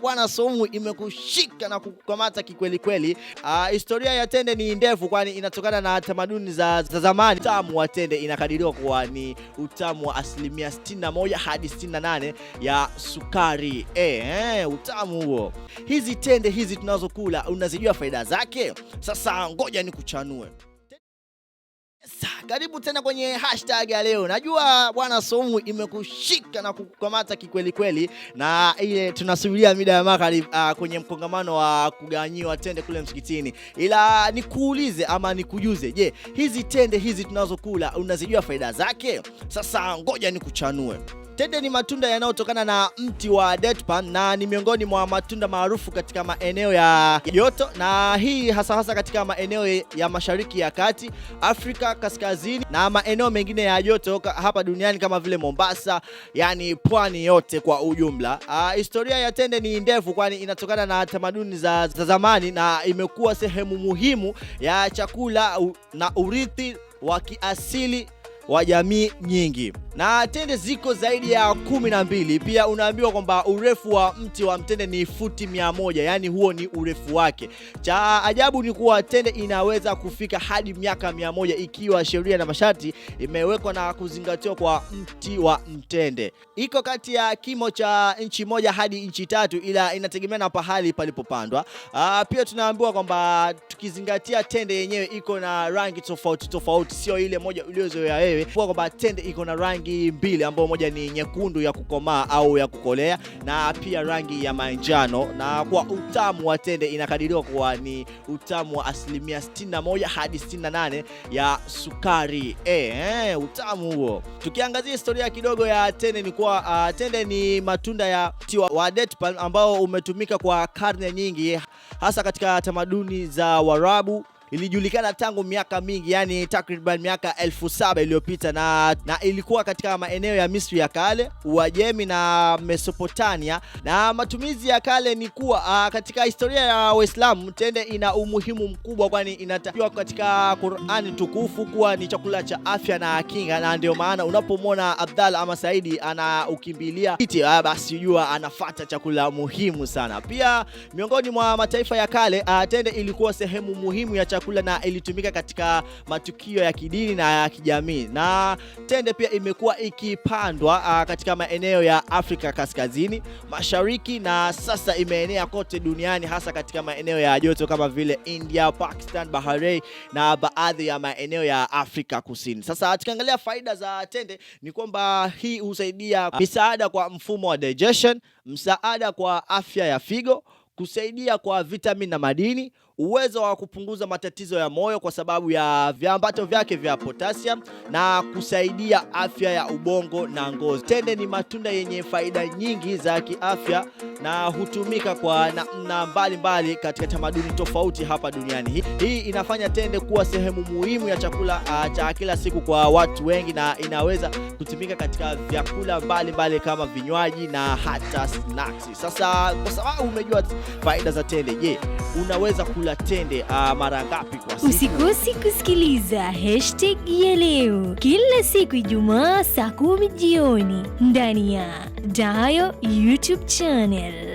Bwana somu imekushika na kukamata kikweli kweli. Uh, historia ya tende ni ndefu, kwani inatokana na tamaduni za, za zamani. Utamu wa tende inakadiriwa kuwa ni utamu wa asilimia 61 hadi 68 ya sukari. e utamu huo. Hizi tende hizi tunazokula unazijua faida zake? Sasa ngoja nikuchanue karibu tena kwenye hashtag ya leo. Najua bwana, somu imekushika na kikweli kikwelikweli, na ile tunasubiria mida ya magharibi uh, kwenye mkongamano wa kugawanyiwa tende kule msikitini, ila nikuulize ama nikujuze, je, hizi tende hizi tunazokula unazijua faida zake? Sasa ngoja nikuchanue. Tende ni matunda yanayotokana na mti wa date palm na ni miongoni mwa matunda maarufu katika maeneo ya joto, na hii hasa hasa katika maeneo ya Mashariki ya Kati, Afrika Kaskazini na maeneo mengine ya joto hapa duniani kama vile Mombasa, yani pwani yote kwa ujumla. Uh, historia ya tende ni ndefu, kwani inatokana na tamaduni za, za zamani na imekuwa sehemu muhimu ya chakula na urithi wa kiasili wa jamii nyingi, na tende ziko zaidi ya kumi na mbili. Pia unaambiwa kwamba urefu wa mti wa mtende ni futi mia moja, yaani huo ni urefu wake. Cha ajabu ni kuwa tende inaweza kufika hadi miaka mia moja ikiwa sheria na masharti imewekwa na kuzingatiwa kwa mti wa mtende. Iko kati ya kimo cha nchi moja hadi nchi tatu, ila inategemea na pahali palipopandwa. Ah, pia tunaambiwa kwamba tukizingatia tende yenyewe iko na rangi tofauti tofauti, sio ile moja uliozoea wewe kwa kwamba tende iko na rangi mbili, ambayo moja ni nyekundu ya kukomaa au ya kukolea na pia rangi ya manjano. Na kwa utamu wa tende inakadiriwa kuwa ni utamu wa asilimia 61 hadi 68 ya sukari. E, e, utamu huo. Tukiangazia historia kidogo ya tende ni kuwa uh, tende ni matunda ya mti wa date palm ambao umetumika kwa karne nyingi hasa katika tamaduni za warabu ilijulikana tangu miaka mingi, yani takriban miaka elfu saba iliyopita na, na ilikuwa katika maeneo ya Misri ya kale, Uajemi na Mesopotamia. Na matumizi ya kale ni kuwa ah, katika historia ya Waislamu tende ina umuhimu mkubwa, kwani inatajwa katika Qur'ani tukufu kuwa ni chakula cha afya na kinga, na ndio maana unapomwona Abdal ama Saidi ana ukimbilia iti, ah, basi jua anafata chakula muhimu sana. Pia miongoni mwa mataifa ya kale ah, tende ilikuwa sehemu muhimu ya chakula chakula na ilitumika katika matukio ya kidini na ya kijamii. Na tende pia imekuwa ikipandwa ah, katika maeneo ya Afrika Kaskazini, Mashariki na sasa imeenea kote duniani hasa katika maeneo ya joto kama vile India, Pakistan, Bahrain na baadhi ya maeneo ya Afrika Kusini. Sasa tukiangalia faida za tende ni kwamba hii husaidia misaada kwa mfumo wa digestion, msaada kwa afya ya figo, kusaidia kwa vitamini na madini uwezo wa kupunguza matatizo ya moyo kwa sababu ya viambato vyake vya potassium na kusaidia afya ya ubongo na ngozi. Tende ni matunda yenye faida nyingi za kiafya na hutumika kwa namna mbalimbali katika tamaduni tofauti hapa duniani. Hii inafanya tende kuwa sehemu muhimu ya chakula uh, cha kila siku kwa watu wengi na inaweza kutumika katika vyakula mbalimbali mbali kama vinywaji na hata snacks. Sasa kwa sababu umejua faida za tende, je, unaweza ku kula tende ah, mara ngapi kwa siku? Usikosi kusikiliza hashtag ya leo kila siku Ijumaa saa kumi jioni ndani ya Dayo YouTube channel.